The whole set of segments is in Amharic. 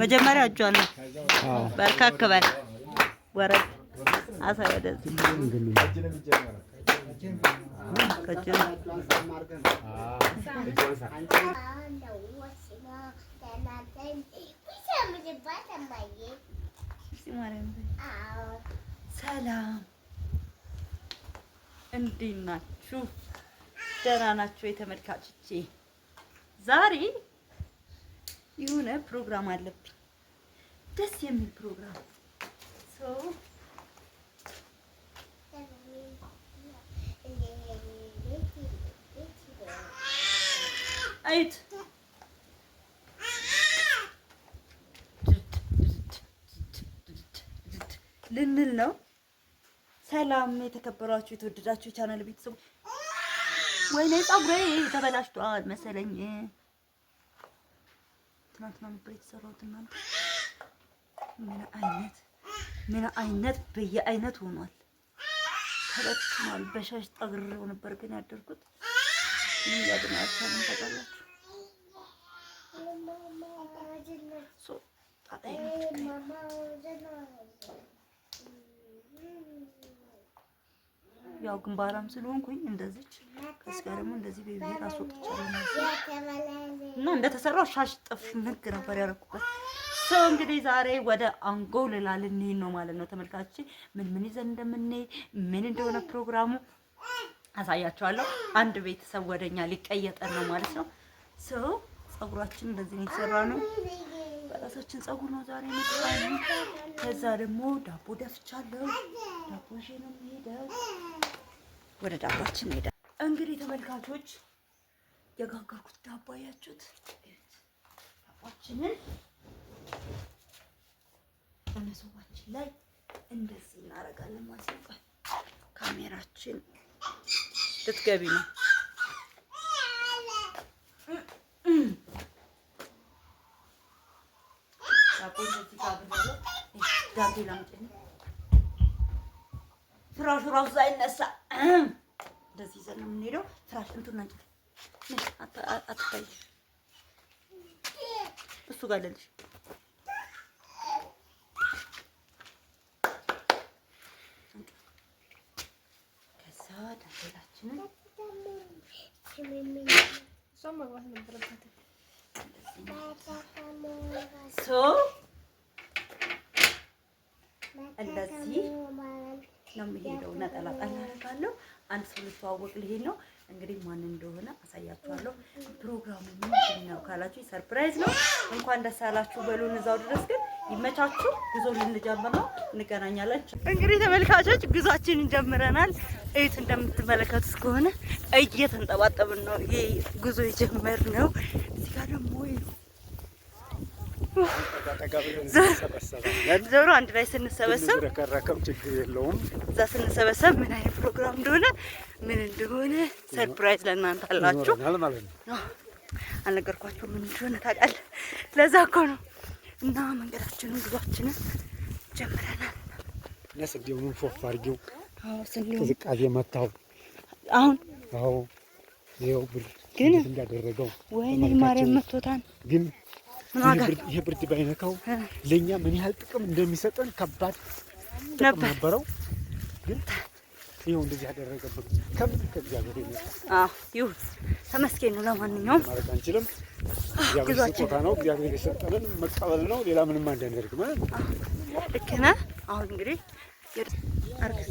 መጀመሪያ እጇን ነው በርከክ በል ወረድ አሳ ወደዚህ ሰላም እንዴት ናችሁ? ደህና ናችሁ የተመልካቾቼ ዛሬ የሆነ ፕሮግራም አለብኝ፣ ደስ የሚል ፕሮግራም ሰው አይት ልንል ነው። ሰላም የተከበራችሁ የተወደዳችሁ የቻናል ቤተሰቦች፣ ወይኔ ፀጉሬ ተበላሽቷል መሰለኝ። ትናንትና ነበር የተሰራሁት። እናንተ ምን አይነት ምን አይነት በየአይነት ሆኗል ተበትኗል። በሻሽ ጠግሬው ነበር ግን ያደርጉት ምን ያድናል ታውቃላችሁ። ሶ ያው ግንባራም ስለሆንኩኝ እንደዚች ከዚህ ጋር ደግሞ እንደዚህ ቤቢ ራስ ወጥቻለሁ እና እንደተሰራው ሻሽ ጥፍ ንግ ነበር ያደረኩበት። ሰው እንግዲህ ዛሬ ወደ አንጎላ ልንሄድ ነው ማለት ነው ተመልካቾች። ምን ምን ይዘን እንደምንሄድ ምን እንደሆነ ፕሮግራሙ አሳያችኋለሁ። አንድ ቤተሰብ ወደኛ ሊቀየጠን ነው ማለት ነው። ሰው ጸጉራችን እንደዚህ ነው የተሰራ ነው። በራሳችን ፀጉር ነው ዛሬ የመጣነው። ከዛ ደግሞ ዳቦ ደፍቻለሁ። ዳቦ ይዤ ነው የምሄደው። ወደ ዳቦችን ሄደ። እንግዲህ ተመልካቾች የጋገርኩት ዳቦ አያችሁት? ዳቦችንን በመሶባችን ላይ እንደዚህ እናደርጋለን። ማስቀል ካሜራችን ልትገቢ ነው ዳጊ ላምጪኝ። ፍራሹ ራሱ አይነሳ እንደዚህ ይዘን ነው የምንሄደው። ፍራሽ እንትን አንቺ አትታይ እሱ ጋር አለልሽ ከዛ ዳንቴላችንን እሷም መግባት ነበረባት እንደዚህ ነው የሚሄደው። ነጠላ ጣል አደርጋለሁ። አንድ ሰው ልተዋወቅ ልሄድ ነው። እንግዲህ ማን እንደሆነ አሳያችኋለሁ። ፕሮግራሙ ምንድን ነው ካላችሁ ሰርፕራይዝ ነው። እንኳን ደስ ያላችሁ በሉን። እዛው ድረስ ግን ይመቻችሁ። ጉዞ ልንጀምር ነው። እንገናኛለን። እንግዲህ ተመልካቾች ጉዟችንን ጀምረናል። እዩት፣ እንደምትመለከቱት ከሆነ እየተንጠባጠብን ነው። ይሄ ጉዞ የጀመርነው እዚህ ጋር ደግሞ ዞሮ አንድ ላይ ስንሰበሰብ ረከረከም ችግር የለውም። እዛ ስንሰበሰብ ምን አይነት ፕሮግራም እንደሆነ ምን እንደሆነ ሰርፕራይዝ ለእናንተ አላችሁ። አልነገርኳችሁም ምን እንደሆነ ታውቃለህ። ለዛ እኮ ነው እና መንገዳችንን ጉዟችንን ጀምረናል። ለስንዴውም ፎፍ አድርጊው ቅዝቃዜ መታው። አሁን አዎ፣ ይኸው ብር ግን እንዳደረገው ወይኔ ማርያም መቶታን ግን ይህ ብርድ ባይነካው ለእኛ ምን ያህል ጥቅም እንደሚሰጠን ከባድ ጥቅም ነበረው። ግን ይኸው እንደዚህ ያደረገብን ከምን ከእግዚአብሔር ይሁን ተመስገን ነው። ለማንኛውም ማለት አንችልም። እግዚአብሔር ስጦታ ነው። እግዚአብሔር የሰጠንን መቀበል ነው። ሌላ ምንም አንዳንደርግ ማለት ልክ ነህ። አሁን እንግዲህ አርግስ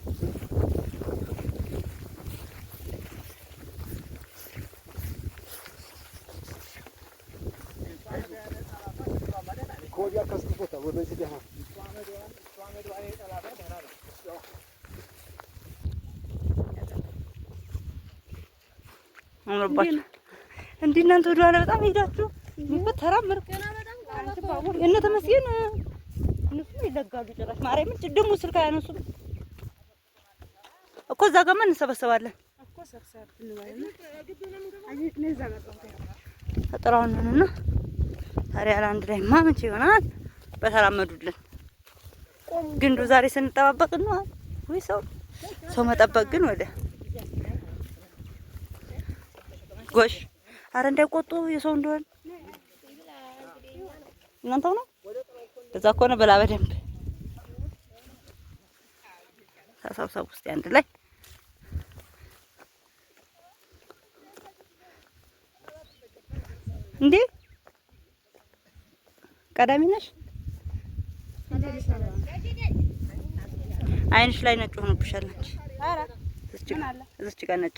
አምሮባችሁ እንደ እናንተ ወደኋላ በጣም ሄዳችሁ ተራምር እነ ተመስገን እነሱም ይለጋሉ። ጭራሽ ማርያምን ደግሞ ስልክ አያነሱም እኮ እዛ ጋማ እንሰበሰባለን። ጥራውን ነውና ታዲያ ለአንድ ላይ ማመች ይሆናል። በተራመዱልን ግንዱ ዛሬ ስንጠባበቅ ነው ወይ ሰው ሰው መጠበቅ ግን ወደ ጎሽ፣ አረ እንዳይቆጡ የሰው እንደሆነ እናንተው ነው። በዛ ከሆነ በላ በደንብ ተሰብሰብ ውስጥ አንድ ላይ እንዴ ቀዳሚ ነሽ። አይንሽ ላይ ነጭ ሆኖብሻል። ነጭ እዚች ጋር ነጭ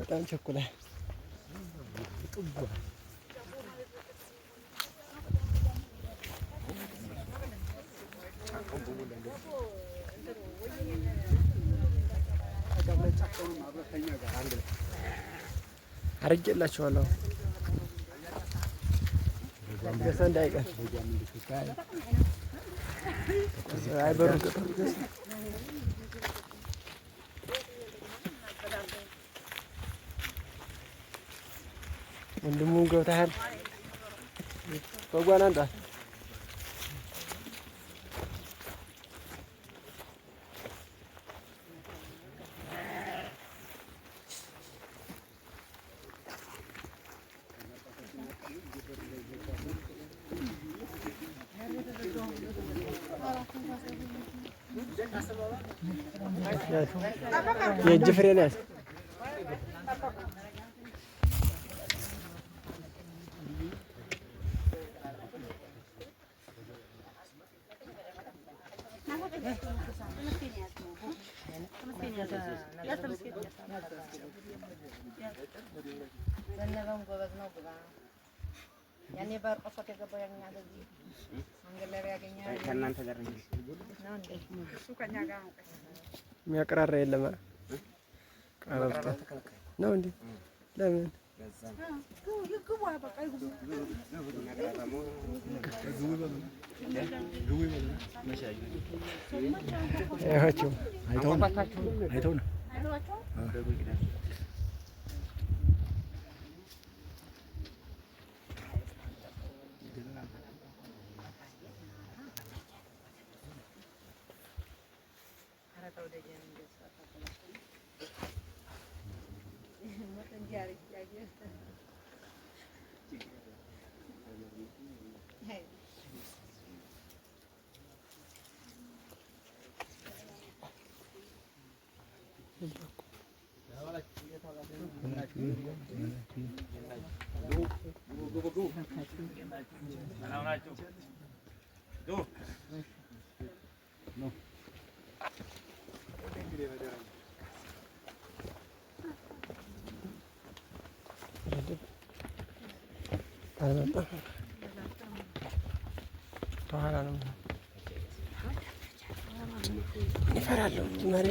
በጣም ቸኩላል። አርጌላችኋለሁ ገሰ እንዳይቀር ወንድሙ ገብተሃል። በጓን አንጣ የእጅ ፍሬ ናት። ዘነበም ጎበዝ ነው። ግባ ያኔ በርቆሶት የገባው ያገኛል። እዚህ መንገድ ላይ ያገኛል። ከእናንተ ጋር ነው እንደ እሱ ከእኛ ጋር ነው። የሚያቀራራ የለም ነው እንዴ? ለምን ግቡ አይሆችም አይተውን አይተውን Thank you. ይፈራለሁ መሬ